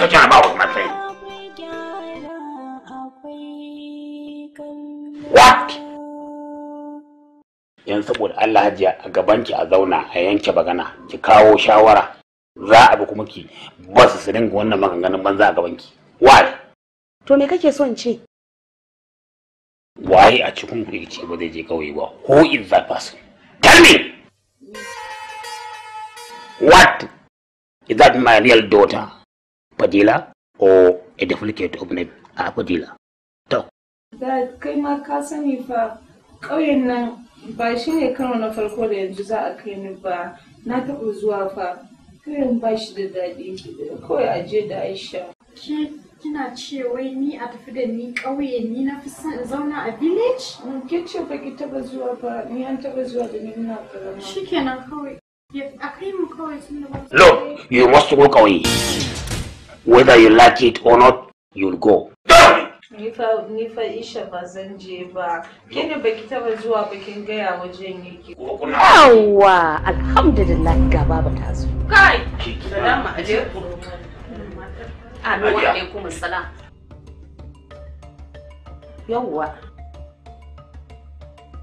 ta ce ba ku saboda Allah hajiya a gabanki a zauna a yanke bagana ki kawo shawara za a bi kuma ki ba su su dinga wannan maganganun banza a gabanki why to me kake so in ce waye a cikin ku ce ba zai je kawai ba who is that person tell me what is that my real daughter fadila or a duplicate of na a fadila to da kai ma ka sani fa ƙauyen nan ba shi ne karo na farko da yanzu za a kai ni ba na taɓa zuwa fa ƙauyen ba shi da daɗi kawai aje da aisha kina ce wai ni a tafi da ni ƙauye ni na fi son in zauna a village? Mm, ke ce ba ki taɓa zuwa ba, ni an taɓa zuwa da ni muna karama. kenan kawai. A kai mu kawai tun da ba. No, you must go kawai. whether you like it or not you'll go ni fa isha ba zan je ba ke ne baki taba zuwa bakin gaya wajen yake yawa alhamdulillah ga baba ta zo kai salamu alaikum Amin wa alaikum salam. Yawwa.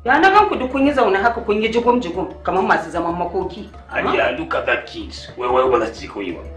Ya na ganku duk kun yi zaune haka kun yi jigum jigum kamar masu zaman makoki. Ajiya look at that kids. Wai wai ba za su koyi ba.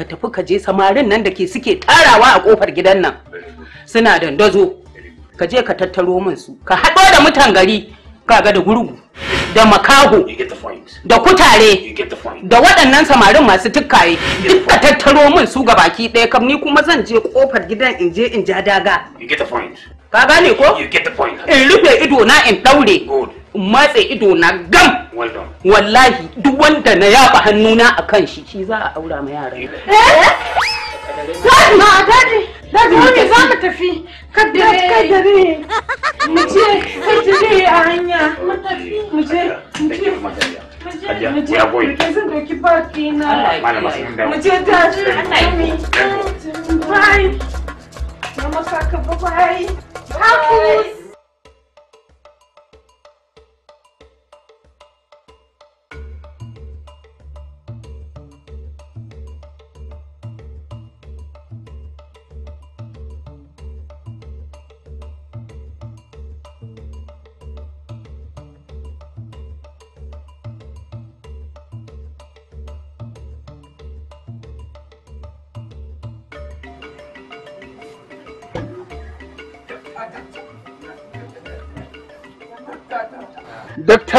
ka tafi ka je samarin nan da ke suke tarawa a kofar gidan nan suna dandazo ka je ka tattaro min su ka haɗo da mutan gari kaga da gurgu da makaho da kutare da waɗannan samarin masu tukkaye duk ka tattaro min su ga baki ɗaya kam ni kuma zan je kofar gidan in je in ja daga ka gane ko in rufe ido na in ɗaure in matse ido na gam wallahi duk wanda na yafa hannuna a kan shi shi za a aura ma yaran Dadi, eh? dadi, dadi, wani za tafi kaddare. Mu je, dare a hanya. Mu mu je, mu je. Mu je, mu je, zan doki na. Mu je Mama saka bye bye.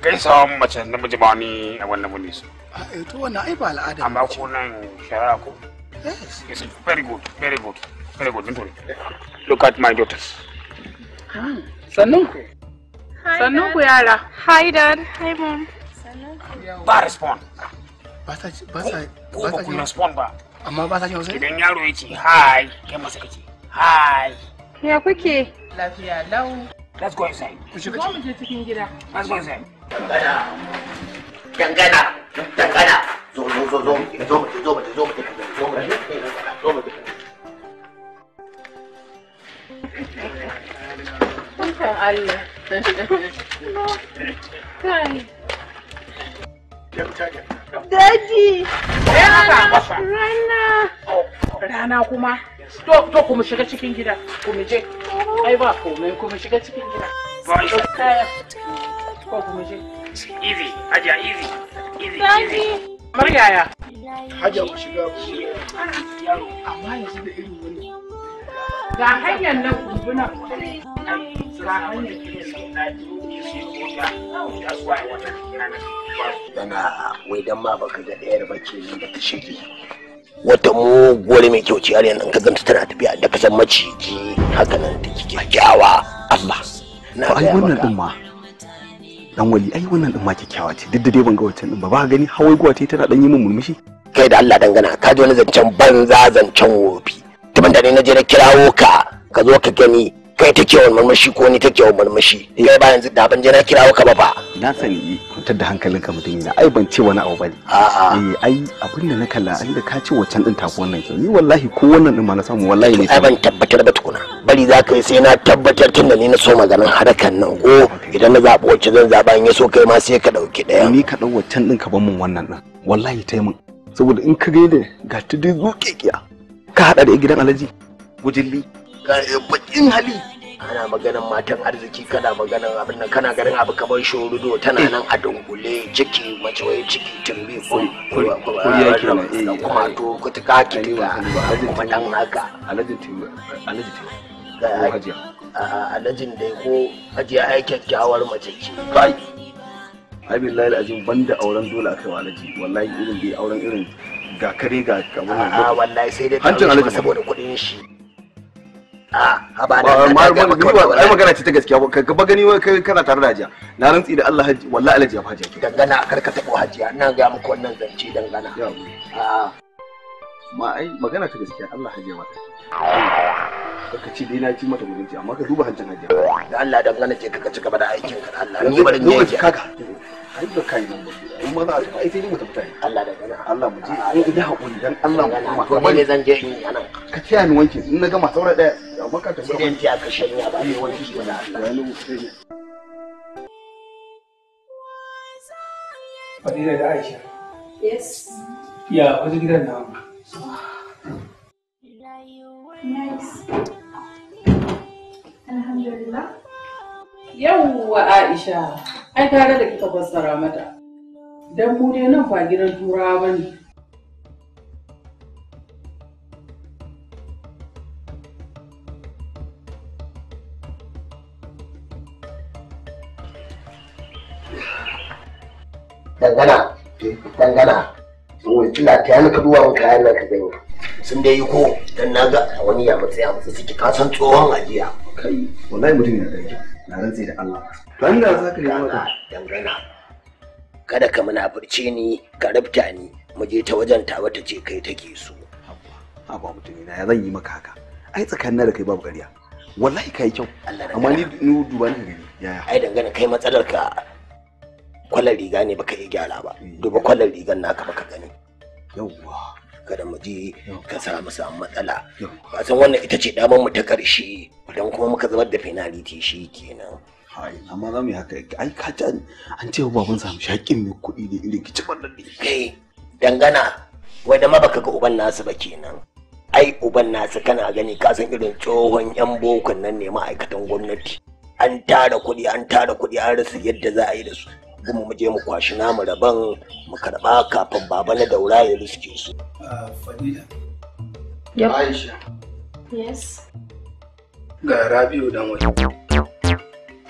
gaisawan mace na miji ba ni a wannan muni su eh to wannan ai ba al'ada amma ko nan shara ko yes yes very good very good very good dintore look at my daughters ah, sannan ku sannan ku yara hi dad hi mom ba respond ba ta ba ta ba ta respond ba amma ba ta ji hausa idan yaro ya ce hi kai masa kace hi ya kuke lafiya lau let's go inside ku shiga cikin gida let's go inside dangana dangana dangana zo zo zo zo zo zo zo zo Rana! kuma? To, kuma shiga cikin gida, kuma je. Ai ba komai kuma shiga cikin gida. ko da Dana wai dan ma baka ga ɗayar bace nan da ta shige. Wata muguwar mai kyau ce yariyan ka ganta tana tafiya da kasan maciji haka nan take kyakkyawa Allah. Na ga wannan din ma. dan wali ai wannan din ma kyakkyawa ce duk da dai ban ga wancan din ba ba gani hawai guwa ce tana dan yi min murmushi kai da Allah dangana ka ji wani zancen banza zancen wofi tuban da ne na je na kirawo ka ka zo ka gani kai take yawan murmushi ko ni take yawan murmushi eh. kai ba yanzu da ban je na kirawo ka ba fa na sani eh, kuntar da hankalinka mutum ina ai ban ce wani abu bane a'a eh ai abin da na kalla an da ka ce wancan din tafi wannan kyau ni wallahi ko wannan din ma na samu wallahi ne ai ban tabbatar ba tukuna tsari za ka yi sai na tabbatar tun da ni na so maganin harakan nan ko idan na zaɓi wacce zan zaɓa in ya so kai ma sai ka ɗauki ɗaya. Ni ka ɗau waccan ɗin ka ban wannan ɗin wallahi ta mun saboda in ka gaida ga ta dai zuƙeƙiya ka haɗa da gidan alhaji gujilli ga baƙin hali. Ana maganin matan arziki kana maganin abin nan kana garin abu kamar shorudo tana nan a dungule ciki mace wai ciki tumbi ke nan kuma to kutuka kitiwa kuma dan haka ga hajiya alhajin dai ko hajiya ai kyakkyawar mace ce kai ai billahi ban da auren dole a kai wa alhaji wallahi irin dai auren irin ga kare ga kamar a wallahi sai dai hancin alhaji saboda kuɗin shi a ba da ai magana ce ta gaskiya ka gaba gani kai kana tare da hajiya na rantsi da Allah haji wallahi alhaji ya fajiya dangana a karkata taɓo hajiya ina ga muku wannan zance dangana a ma ai magana ta gaskiya Allah hajiya mata ka ce dai na ci mata mutunci amma ka duba hancin hajiya da Allah dan gane ce ka ci gaba da aikin ka Allah ni barin ne kaga ai ba kai nan ba in za a tafi ai sai ni mutum tayi Allah da gane Allah mu je ai ina hakuri dan Allah mu kuma to bane zan je in anan ka ce ni wanke in na gama saura daya amma ka tafi sai dai ka shanya ba ne wanki ba Allah Fadila da Aisha. Yes. Ya, wajen gidan na Nice. Alhamdulillah. Yawwa Aisha, ai tare da kika fassara mata. Dan mu dai nan ba gidan turawa ba bane. Dangana, dangana, ina ta yana kaduwa kayan nan ka gani. sun dai yi ko dan na ga wani ya matsa ya matsa suke kasan tsohon ajiya kai wallahi mutum ya danki na rantsi da Allah to an da ka yi maka dangana kada ka furce ni ka rabta ni mu je ta wajen tawa ta ce kai take so haba mutum na ya zan yi maka haka ai tsakanin da kai babu gariya. wallahi kai kyau amma ni duba ni gani yaya ai dangana kai matsalar ka kwallon riga ne baka yi gyara ba eh. duba kwallon rigan naka baka gani yawwa kada mu je ka sa mu samu matsala ba san wannan ita ce damar mu ta karshe idan kuma muka zubar da penalty shi kenan amma za mu yi haka ai ka ta an ce baban samu shaƙin mai kuɗi da irin wannan da kai dangana wai da ma baka ga uban nasu ba kenan ai uban nasu kana gani ka san irin tsohon yan bokon nan ne ma'aikatan gwamnati an tara kuɗi an tara kuɗi an rasa yadda za a yi da su Kuma mu je mu kwashi namu rabon mu karɓa kafin baba na daura ya riske su. Fadila. Aisha. Yes. Ga Rabiu dan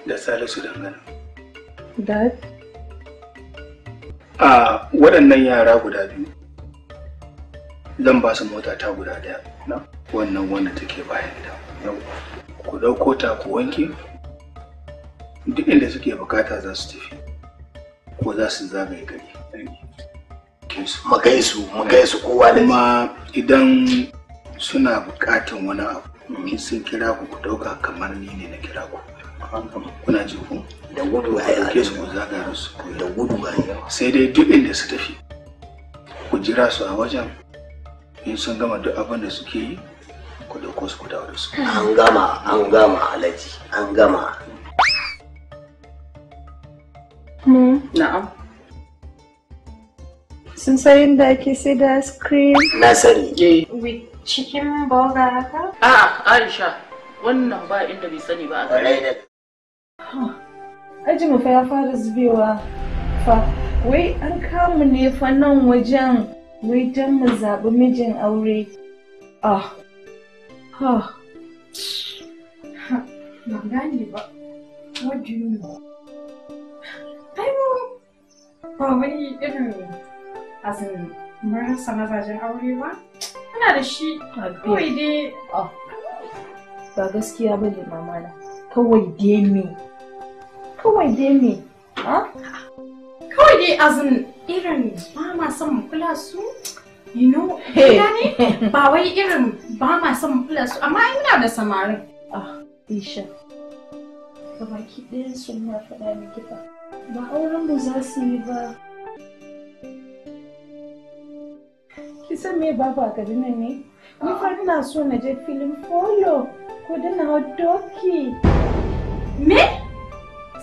Da Salisu dangana. Dad. A waɗannan yara guda biyu. Zan ba su mota ta guda ɗaya. na Wannan wanda take bayan gida. Yau. Ku ɗauko ta ku wanke duk inda suke bukata za su tafi ko za su zagaye gari magaisu magaisu kowa da kuma idan suna bukatan wani abu mm. in sun kira ku ku dauka kamar ni ne na kira ku kuna ji ku da gudu a yake su ku zagaya su da gudu a sai dai duk inda su tafi ku jira su a wajen in sun gama duk abin da suke yi ku dauko su ku dawo da su an gama an gama alaji an gama Hmm. Na'am. Sun san da ake sai da ice cream? Na sani. Eh. Cikin boga haka? A'a, Aisha, wannan ba inda bai sani ba a Aji mu fa ya fara zubewa fa. Wai an kama ne fa nan wajen wai don mu zaɓi mijin aure. Ah. Ha. Ha. Ba gane ba. What do you know? ba wani irin azin marasa mazajen aure ba ana da shi kawai dai ba gaskiya ba ne mama mamana kawai dai me kawai dai me kawai dai azin irin ba ma son mu kula su you know ne ba wai irin ba ma son mu kula su amma ina da samarin ah isha gabaki ɗayan sun na faɗa miki ba Ba auren da za su yi ba. san me babu a gari nan ne? Ni fa ina so na je filin polo ko da na doki. Me?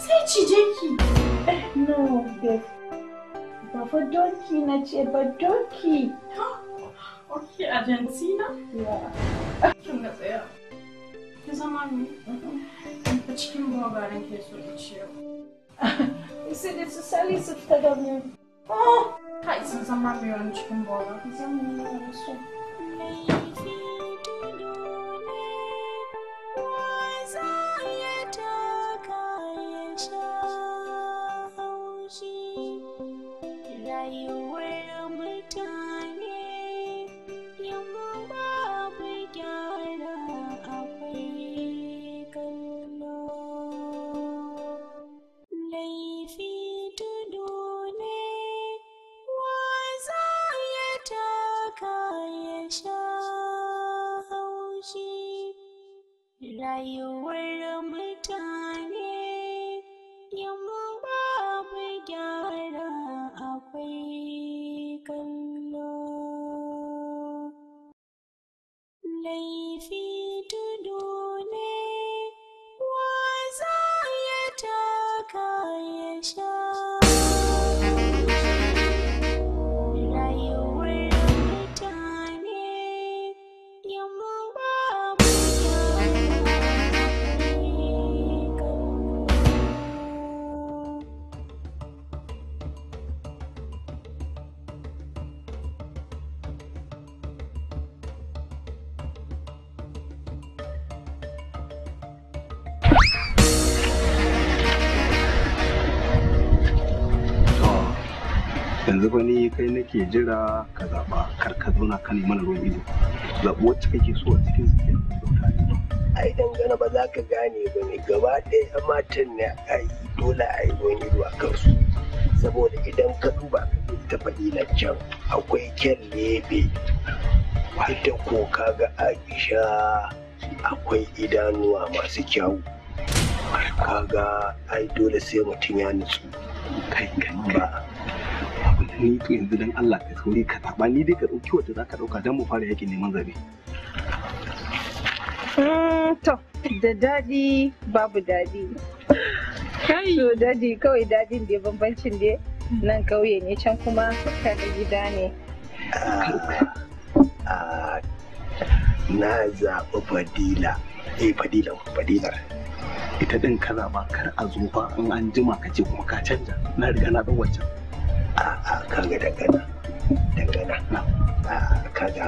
Sai je ki. Eh, no, babe. Ba fa doki na ce ba doki. Ok, Argentina? Yeah. Kin ga tsaya. Ne zaman ne? Cikin bugaren ke so da ciwo. Instead, it's a Sally substadowy. O! Hajsem I ci ten to Zamówiłam się. Thank you. yanzu ba ni kai nake jira ka zaɓa kar ka zauna ka mana ruwan ido zaɓi wacce kake so a cikin su Ai dan gana ba za ka gane ba ne gaba ɗaya matan ne a yi dole a yi ruwan ido a kansu saboda idan ka duba ta fadilan can akwai kyan lebe ita ko ka ga aisha akwai idanuwa masu kyau kaga ai dole sai mutum ya nutsu kai kai ba ni to yanzu dan Allah ka sauri ka zaɓa ni dai ka ɗauki wacce za ka ɗauka don mu fara yakin neman zabe. Hmm, to, da daɗi babu daɗi. kawai daɗin da bambancin da nan kauye ne can kuma kaga gida ne. Na zaɓi Fadila. Eh Fadila, Fadilar. Ita ɗin ka zaɓa kar a zo ba in an jima ka ce kuma ka canja na riga na ɗan wancan. a kaga daga nan daga nan a kaga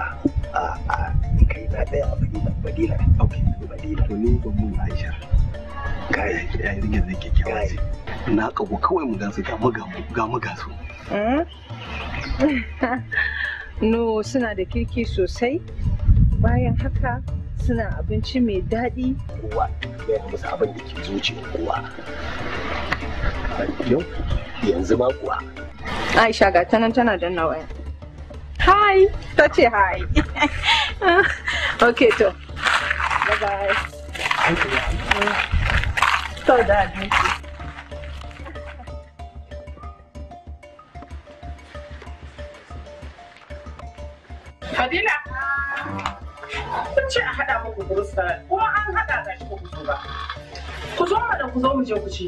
a a kai na daya a madina madina ok madina to ni ba mun aisha kai ya yi rigin zai kyakkyawa ce na kago kawai mu gansu ga mu ga mu eh? no suna da kirki sosai bayan haka suna abinci mai daɗi kowa ya yi musa abin da ke zuciyar kowa yau yanzu ba kuwa aisha ga ta nan tana danna waya hi ta ce hi ok to bye bye to da abinci kun ce a haɗa muku gurusta, kuma an haɗa ga shi ku zo ba. Ku zo mana ku zo mu je ku ci.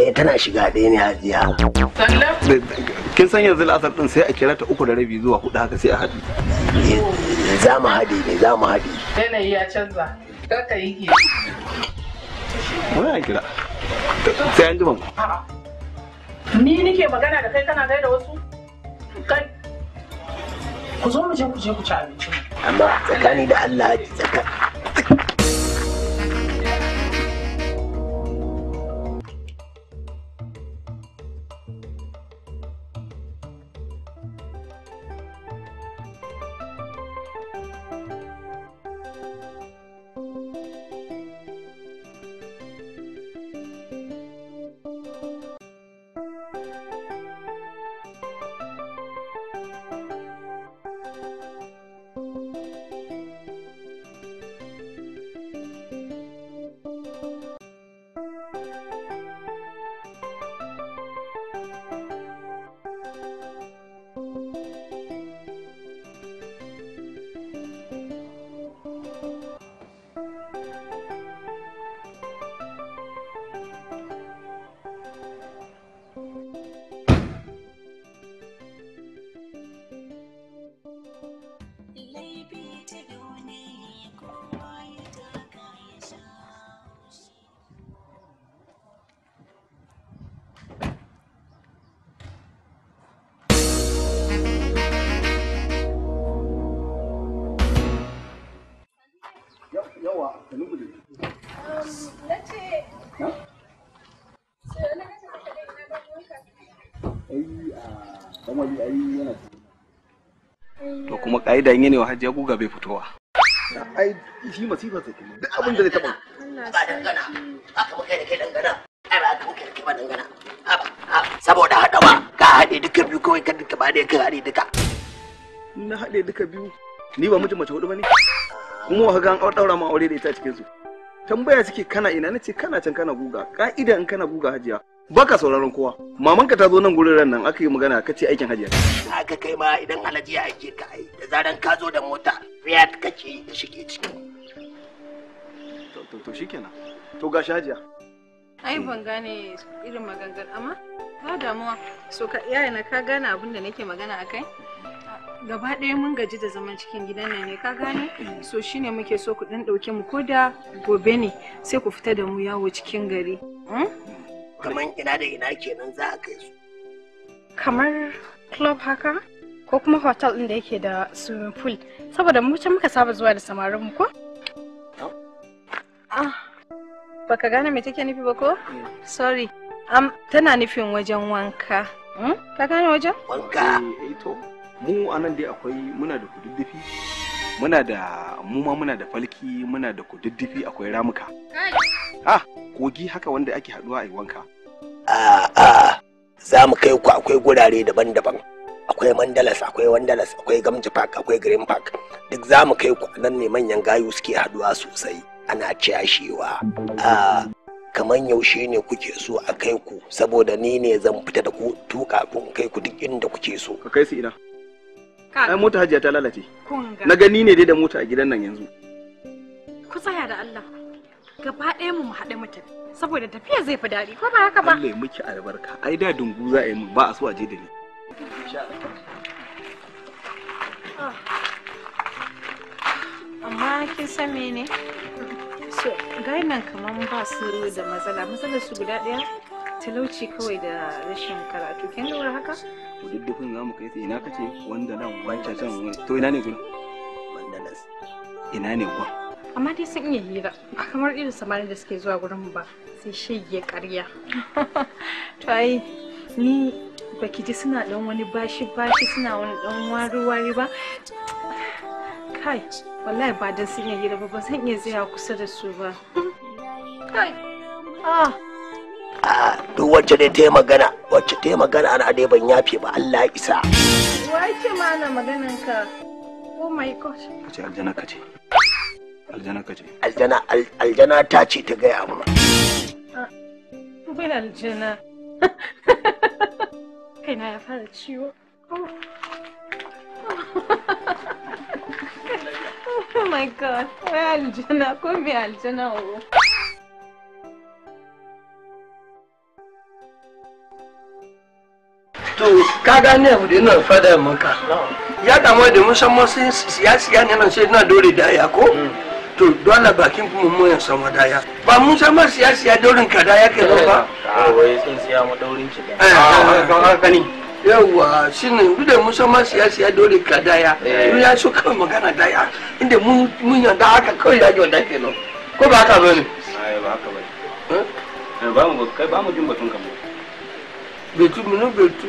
ɗaya tana shiga ɗaya ne hajiya kin san yanzu la'asar ɗin sai a kira ta uku da rabi zuwa hudu haka sai a haɗu. Eh, za mu haɗe ne za mu haɗi yanayi ya canza kaka yi ke wani kira sai an jima ni nike magana da kai kana gaida wasu kai ku zo mu je ku je ku ci abinci amma tsakani da Allah tsakani kuma ka'ida yin yanewa hajjiya guga bai fitowa ai saboda haɗawa ka haɗe duka biyu kawai ka duka ka haɗe duka na haɗe duka biyu ni ba mutum mace hudu ba ne kuma wa ga an ɗaura ma aure da ita a cikin su tambaya suke kana ina na ce kana can kana guga ka'ida in kana guga hajiya baka sauraron kowa mamanka ta zo nan gurin ran nan aka yi magana ka ce aikin hajiya haka kai ma idan alhaji ya aike ka ai da zaran ka zo da mota riyad kake da shige ciki to to shikenan to gashi hajiya ai ban gane irin maganganar amma ba damuwa so ka iyaye na ka gane abin da nake magana akai gaba ɗaya mun gaji da zaman cikin gidan nan ne ka gane so shine muke so ku ɗan ɗauke mu ko da gobe ne sai ku fita da mu yawo cikin gari hmm? kamar ina da ina kenan za a kai su kamar club haka ko kuma hotel ɗin da yake da swimming pool saboda mu can muka saba zuwa da samarin mu ko ah baka gane me take nufi ba ko mm. sorry am tana nufin wajen wanka hmm? ka gane wajen wanka eh, eh, mu anan dai akwai muna da kududdufi muna da muma muna da falki muna da kududdufi akwai ramuka ah kogi haka wanda ake haduwa a wanka a'a za mu kai ku akwai gurare daban-daban akwai mandalas akwai wandalas akwai gamji park akwai green park duk za mu kai ku nan ne manyan gayu suke haduwa sosai ana ciyashewa a kamar yaushe ne kuke so a kai ku saboda ni ne zan fita da ku tuka kun kai ku duk inda kuke so ka kai su ina Ai mota hajiya ta lalace. Na gani ne dai da mota a gidan nan yanzu. Ku tsaya da Allah. Gaba ɗaya mu haɗe mu tafi. Saboda tafiya zai fi daɗi ko ba haka ba. Allah ya miki albarka. Ai da dungu za a yi mu ba a so a je da ni. Ah. Amma kin san mene? So, gainan kaman ba su da matsala, matsalar su guda ɗaya talauci kawai da rashin karatu kin lura haka duk dukun za mu kai ina kace wanda nan wancan zan wani to ina ne gura wanda nan ina ne gurin amma dai sun iya hira kamar irin samari da suke zuwa gurin ba sai shege ƙarya to ai ni ki ji suna dan wani bashi bashi suna wani dan wari wari ba kai wallahi ba dan sun iya hira ba ba zan iya zuwa kusa da su ba kai ah a duk wacce dai ta yi magana wacce ta yi magana ana dai ban yafe ba Allah ya isa wace ma na maganan ka oh my god kace aljana kace aljana kace aljana aljana ta ce ta gaya mu bin ah, aljana kai na ya fara ciwo Oh, oh my god, wai aljana, ko me aljana oh. to kaga ne abu da yana fada maka ya damu da musamman siyasiya ne nan sai na dore daya ko to dole bakin kuma mu ya samu daya ba mun san ma siyasiya dorin ka daya ke zo ba a eh, eh, wai sun siya mu daurin ki da a ka ni yawa shine duk da mun san ma siyasiya dole ka daya mun eh. ya so kawai magana daya inda mun mun yanda haka kawai ya yanda ke no ko ba haka bane ai ba haka bane ba mu kai ba mu jin batun kan mu betu mun betu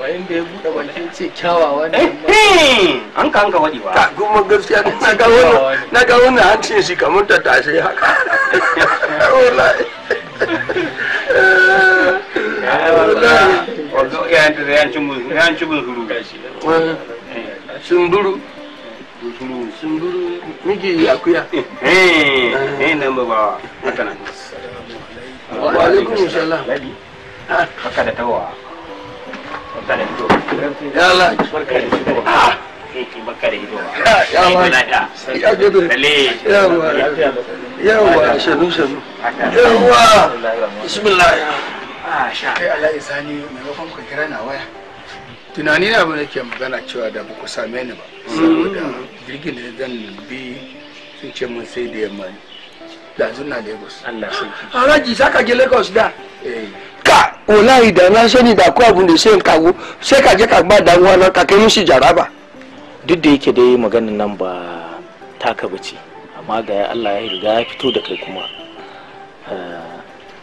wayin da ya buɗe baki ce kyawawa ne eh, an kanka hanka wadewa ta kuma gaskiya na ga na ga wannan shi kamar ta tashi haka wallahi sunduru sunduru miki eh eh nan baba haka nan wa alaikum assalam haka da tawa ya Allah ah. ah, yawa shanu shanu ala ah, ka kira na waya tunani na abu nake magana cewa da ba ku same ni ba mm. saboda jirgin da zan bi sun ce mun sai da yamma da zuna lagos Allah saka je lagos da eh ka ola ida na sani da ko abun da sai ka go sai ka je ka ba dan wani ka kai mishi jaraba duk da yake dai maganin nan ba taka bace amma ga Allah ya riga ya fito da kai kuma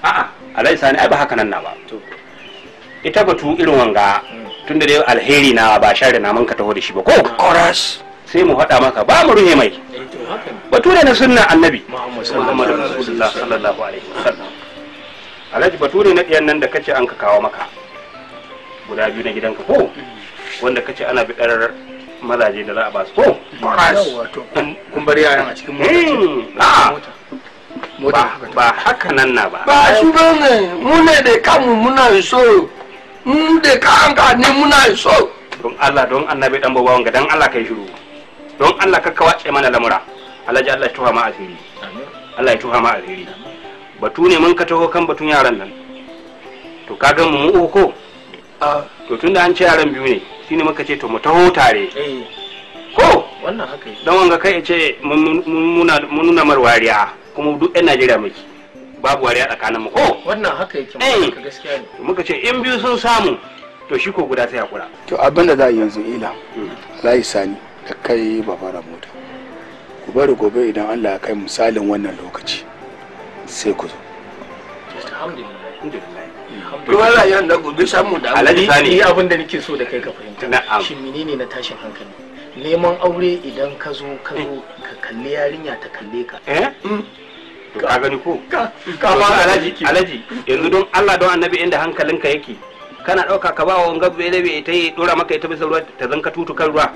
a'a alai sani ai ba haka nan na ba ita batu irin wanga tunda dai alheri na ba share na manka taho da shi ba ko koras sai mu faɗa maka ba mu ruhe mai eh, batu da na sunna annabi muhammad sallallahu alaihi wasallam alhaji bature na ɗiyan nan da kace an ka kawo maka guda biyu na gidanka ko wanda kace ana bidar mazaje da za a ba su ko kun bar yaran a cikin mota hmm, ah. ba haka nan na ba ba shi ba ne mu ne da kanmu muna so mu da ka ne muna so don Allah don annabi dan babawan wanga dan Allah kai shiru don Allah ka ce mana lamura alhaji Allah ya tuha ma asiri Allah ya tuha ma asiri batu ne mun ka taho kan batun yaran nan to ka ga mu uku ko to tunda an ce yaran biyu ne shine muka ce to mu taho tare eh. ko wannan haka dan wanga kai ce mun nuna mar wariya kuma duk yan najeriya muke babu wariya tsakanin mu ko wannan haka yake eh. muka gaskiya ne muka ce in biyu sun samu to shi ko guda sai hakura to abin da za a yanzu ila mm. layi sani da kai ba mota ku bari gobe idan Allah ya kai misalin wannan lokaci sai ku zo kuma rayuwar da gobe samu da alhaji ni abin da nake so da kai ka fahimta shi menene na tashin hankali neman aure idan ka zo ka zo eh. ka kalle yarinya ta kalle ka eh hmm. ka gani ko ka ba alhaji alhaji yanzu don Allah don annabi inda hankalinka yake kana dauka ka ba wa wanga bai da bai ta yi dora maka ita bisa ruwa ta zanka tutu kan ruwa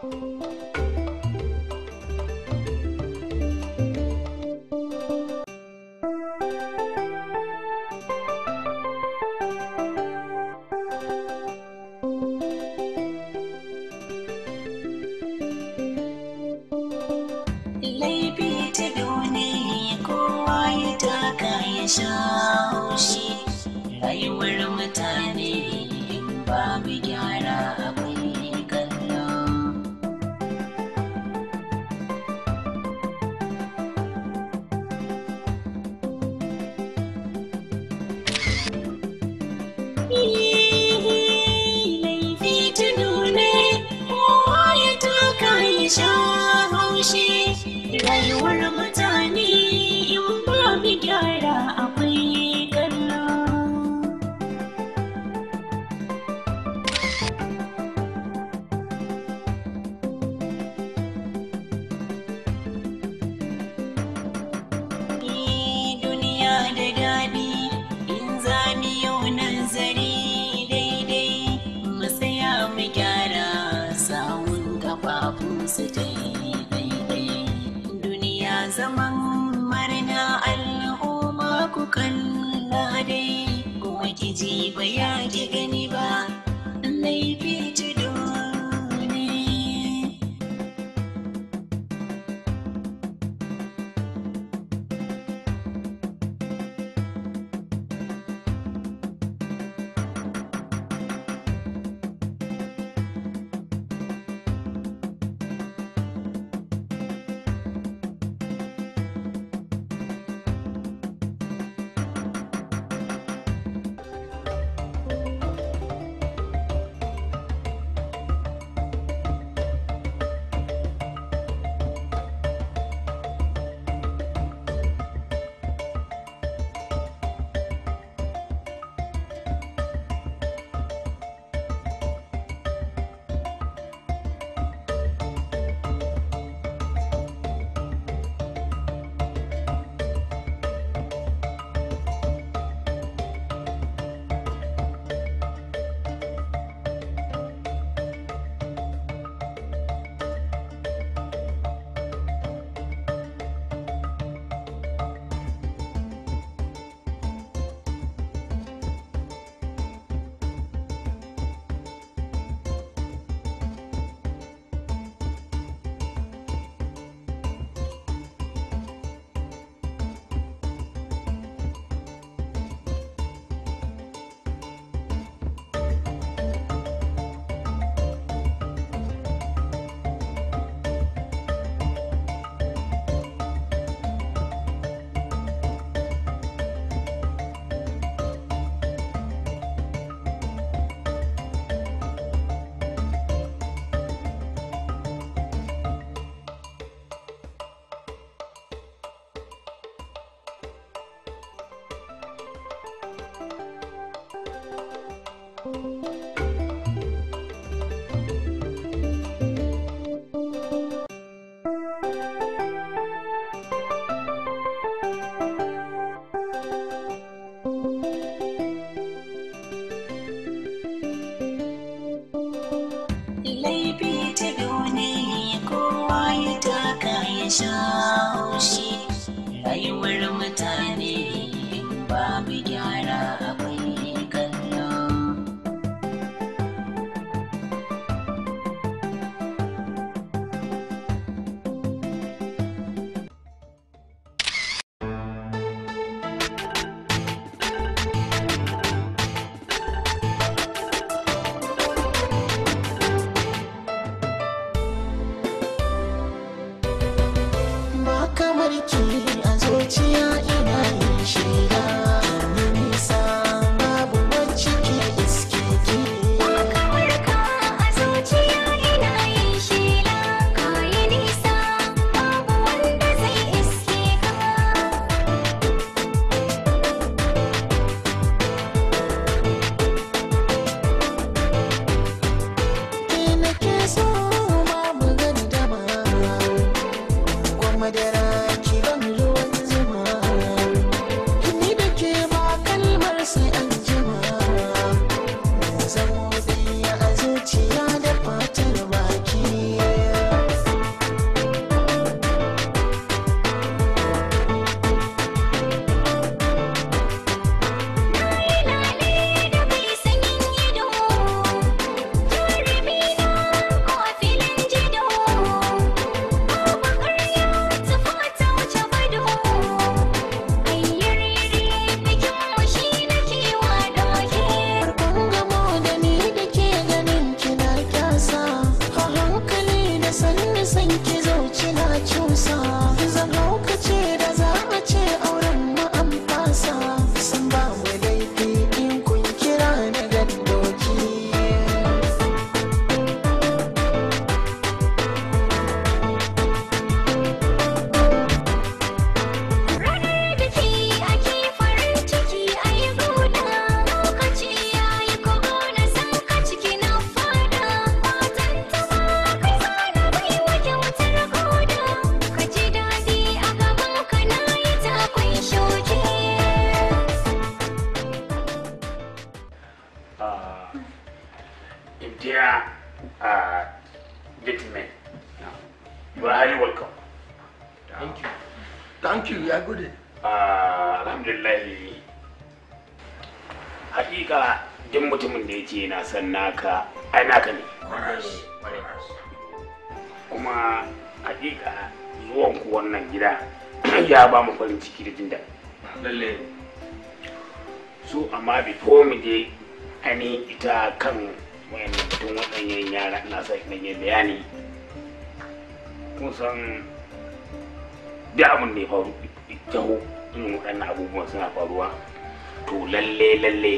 Thank you. kallon dai kuma ki ba ya ki gani ba ainihin ita kan wayannan mutum waɗannan yara na sa ina yi bayani kusan da abin da ya faru jaho irin waɗannan abubuwan suna faruwa to lalle lalle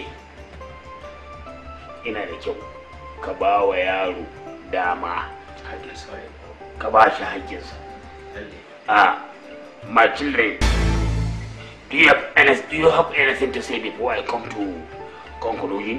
ina da kyau ka ba wa yaro dama ka ba shi haƙƙinsa a my children do you have anything, do you have anything to say before i come to conclusion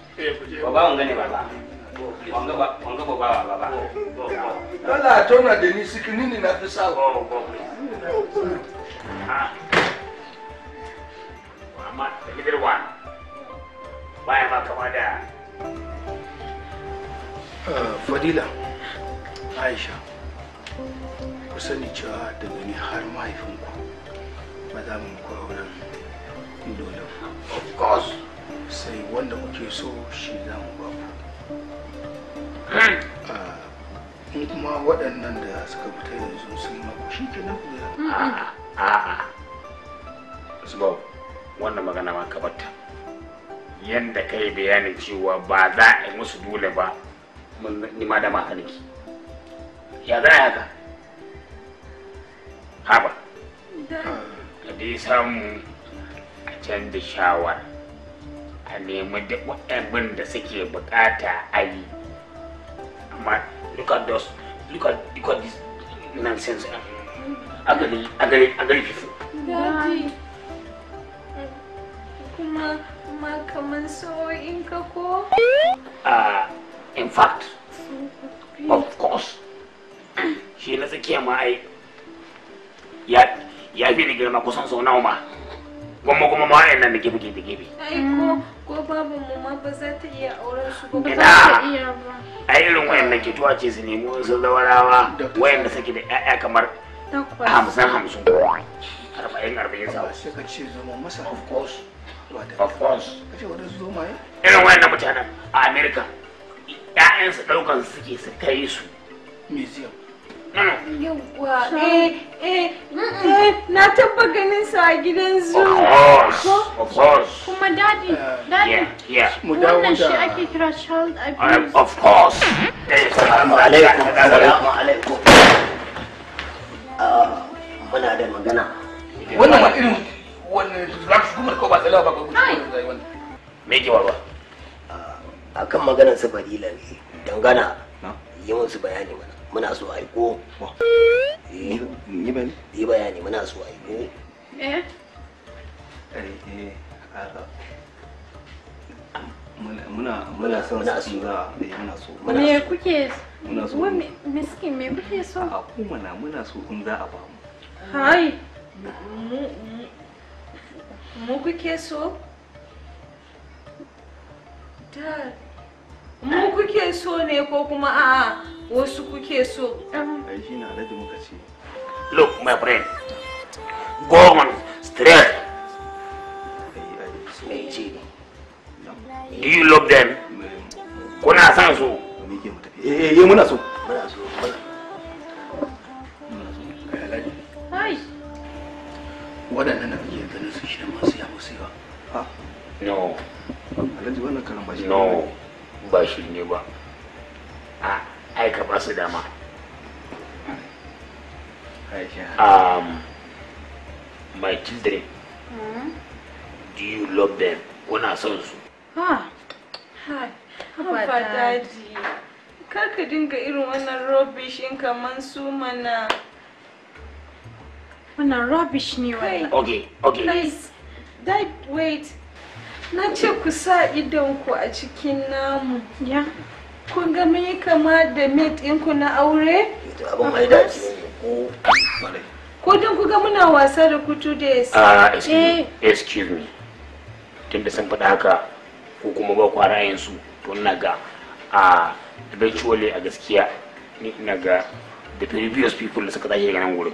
baba wanga ne baba wanga ba wanga baba baba dala tona da ni siki nini na fi sa amma da gidarwa baya ma kama da fadila aisha ku cewa da ni har mahaifinku ba za mu muku auren dole of course sai wanda muke so shi za mu ba ku ah, in kuma waɗannan da suka fita yanzu sun maku shi ke nan kuya a'a wannan magana ma kabarta yadda ka bayanin cewa ba za a yi musu dole ba ni ma da maka ya za a ka haba ka dai samu a canza shawara a nemi duk waɗannan da suke bukata a yi amma look at those look at, look at this nonsense kuma ma kaman in ka ko ah, in fact of course shi na tsakiya ma ai ya fi da girma kusan sau nawa ma gwamma kuma ma wa'yan nan da gibi gibi gibi ko babu mu ma ba za ta iya auren su ba za ta iya ba ai irin wa'yan nan ke tuwa ce su nemi wasu zawarawa wa'yan da suke da ƴaƴa kamar hamsin hamsin arba'in arba'in sa sai ka ce zama masa of course of course ka ce wani zoma irin wa'yan mutanen a Amerika 'ya'yansu ɗaukan suke su kai su museum Eh, eh, eh, na taba ganin sa a gidan zoo kuma dadi dadi wannan shi ake kira child abuse of course assalamu alaikum assalamu alaikum ah, muna da magana wannan ma irin wannan rafi kuma ko ba tsala ba ko me ke warwa ah, akan maganar su fadila ne dangana yi bayani mana muna so a eh, yi bayani muna so aiko eh, eh, eh muna muna son su muna muna so kuke muna so me kuke so a ku muna muna so in za a ba mu hai mu mu kuke so mu kuke so ne ko kuma a wasu kuke so look my friend go on straight do you love them kuna san su eh, eh eh muna so Waɗannan ganin su shi masu No. No. ba shi ne ba a aika ba su dama um, my children hmm? do you love them kuna son su kar ka dinga irin wannan rubbish in kaman su mana wannan rubbish ne okay okay please dad wait na ce ku sa idonku a cikin namu ya kun ga mun kama da in ɗinku na aure mai ko ko don ku ga muna wasa da kutu da yasa ah excuse me eh. tun da sun faɗa haka ko kuma ba ku ra'ayin su to ina ga a eventually a gaskiya ni ina ga the previous people da suka tashi daga nan gurin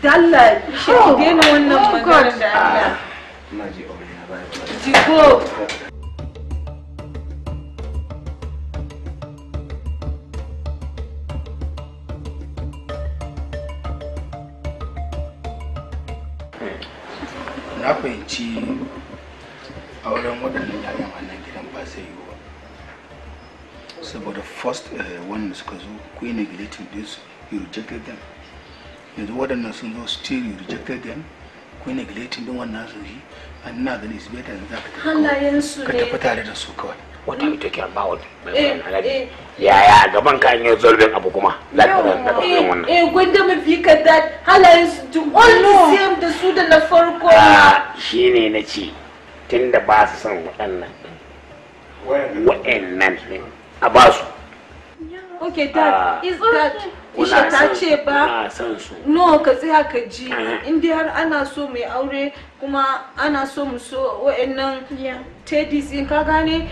Dalla shi oh. daina wannan maganar da Allah. Na fahimci auren waɗannan yayan gidan ba zai yi ba. Saboda first eh, wanda suka zo, ku yi neglecting this, you rejected them. yanzu waɗannan sun zo still you rejected them ku neglecting din wannan su yi an na gani su bai da za ka tafi ka tafi tare da su kawai wata hmm. mai take ba wata mai ya yaya gaban ka an yi zolbin abu kuma za da daga eh, wannan eh gwanda mu bi ka da halayen su duk all the same da su da na farko ah, shine na ce tunda ba su san waɗannan waɗannan a ba su okay dad uh, is that isha ta ce ba no ka tsaya ka ji inda har ana so mai aure kuma ana so mu so wa'annan tedis in ka gane eh.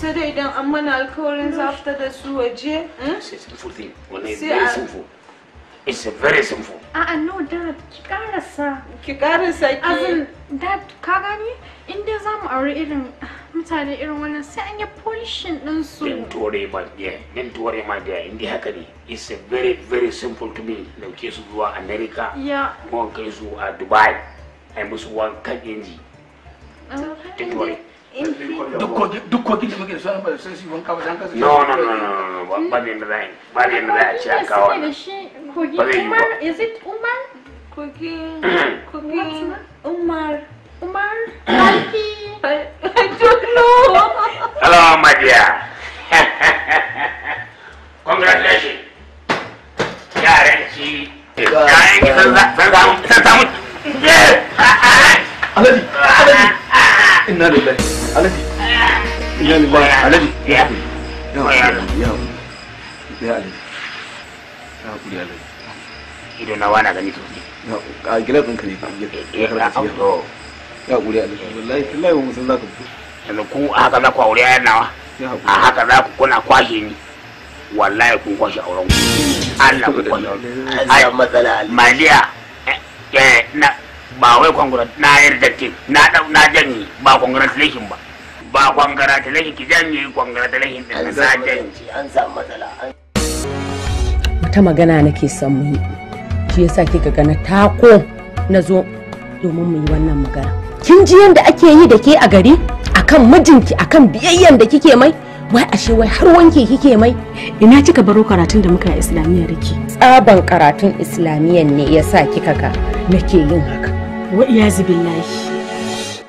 sai dai idan an mana alkawarin zafta da su waje hmm? sai a It's very simple. uh, no dad, ki karasa. Ki sa ki. dad kagani, in aure irin mutane irin wannan sai an yi polishin din su. Din tore ma dear, din tore ma dear in haka ne. It's a very very simple to me. Dauke su zuwa America. Ya. Ko kai su a Dubai. Ai musu wankan inji. Din tore. dukkokin da muke da sunan sun si wanka ba dan kasa no no no no no ba no, no, no, ba no, no, no, a no, no, no, Cooking Umar, is it Umar? Cooking, cooking, Umar, Umar, I, I don't know. Hello, my dear. Congratulations. Yaranci. Yaran ki san samu, san samu. Inna lillahi, Alhaji. Inna lillahi, Alhaji. Ya, ya, ya, ya, ya Ya, ya ido na wana gani sosai a gilas ka ne eh, eh, ya karkace ya ƙuri a lishin wallahi tilayi mun san za ka fito yanzu ku a haka za ku aure yayan nawa a haka za ku kuna kwashe ni wallahi kun kwashe auren ku Allah ku kwashe auren maliya eh, ba wai kwangurat na yarda datti na na janye ba congratulation ba ba congratulation ki janyi janye congratulation din na janyi an samu matsala wata magana nake son mu yi shi yasa kika ga na tako na zo domin mu yi wannan magana kin ji yadda ake yi da ke a gari akan mijinki akan biyayyan da kike mai wai ashe wai har wanke kike mai ina kika baro karatun da muka islamiyya riki. tsaban karatun islamiyyan ne yasa kika ga nake yin haka wa iyazu billahi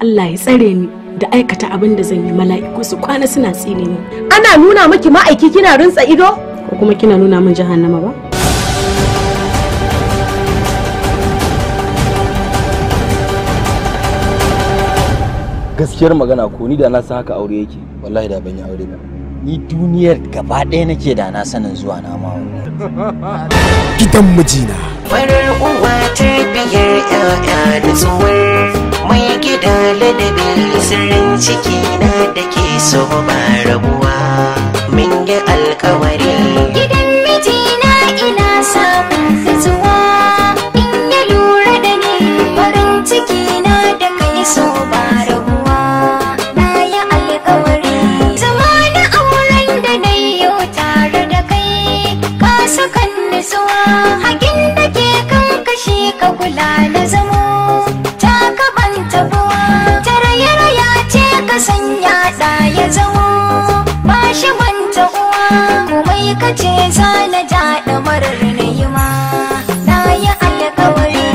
Allah ya tsare ni da aikata abin da zan yi mala'iku su kwana suna tsine ni ana nuna miki ma'aiki kina rintsa ido ko kuma kina nuna min jahannama ba gaskiyar magana ko ni da na san haka aure yake wallahi da ban yi aure ba ni duniyar gaba ɗaya nake da na sanin zuwa na ma gidan mijina farar uwa ta biyar ƴaƴa da tsuwar mai gida ladabi sirrin ciki na da ke so ba rabuwa min yi alkawari hakin da ke kan kashe ka kula na zamo ta kaban tabuwa ta raya ce ka sanya da ya zamo ba shi banta uwa komai ka ce za na jaɗa marar na yi ma na yi alkawari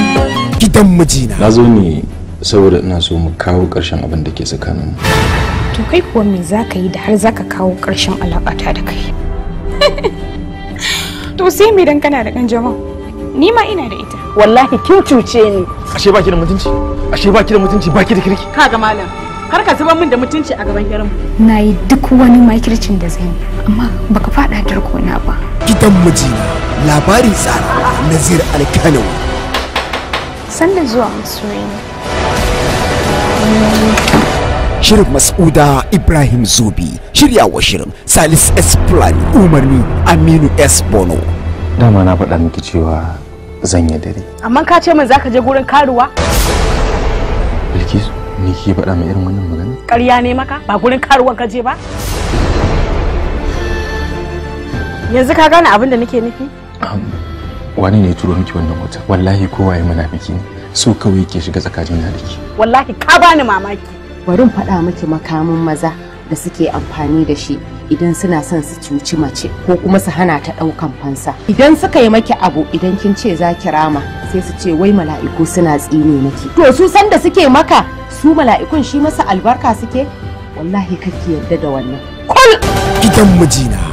gidan mijina na zo ne saboda ina so mu kawo karshen abin da ke tsakaninmu to kai kuwa me za ka yi da har za ka kawo ƙarshen alaƙata da kai to sai me dan kana da kanjamau ni ma ina da ita wallahi kin cuce ni ashe baki da mutunci ashe baki da mutunci baki da kirki kaga malam har ka zuba min da mutunci a gaban gidan na yi duk wani makircin da zan yi amma baka fada darko na ba gidan miji labari tsara nazir alkanawa sanda zuwa masoyi you. Shirin Mas'uda Ibrahim Zobi, shiryawa shirin Salis S. Plan, umarni Aminu S. Bono. Dama na faɗa miki cewa zan yi dare. Amma ka ce min zaka je gurin karuwa? Bilkisu, ni ke faɗa mai irin wannan magana? Ƙarya ne maka? Ba gurin karuwan ka je ba? Yanzu ka gane abin da nake nufi? Wani ne turo miki wannan wata? Wallahi kowa ya biki ne. So kawai ke shiga tsakanin na da ke. Wallahi ka bani mamaki. bari faɗa miki makamin maza da suke amfani da shi idan suna son su cuci mace ko kuma su hana ta ɗaukan fansa idan suka yi maki abu idan kin ce za ki rama sai su ce wai mala'iku suna tsine maki to su san da suke maka su mala'ikun shi masa albarka suke wallahi kake yarda da wannan kul gidan mijina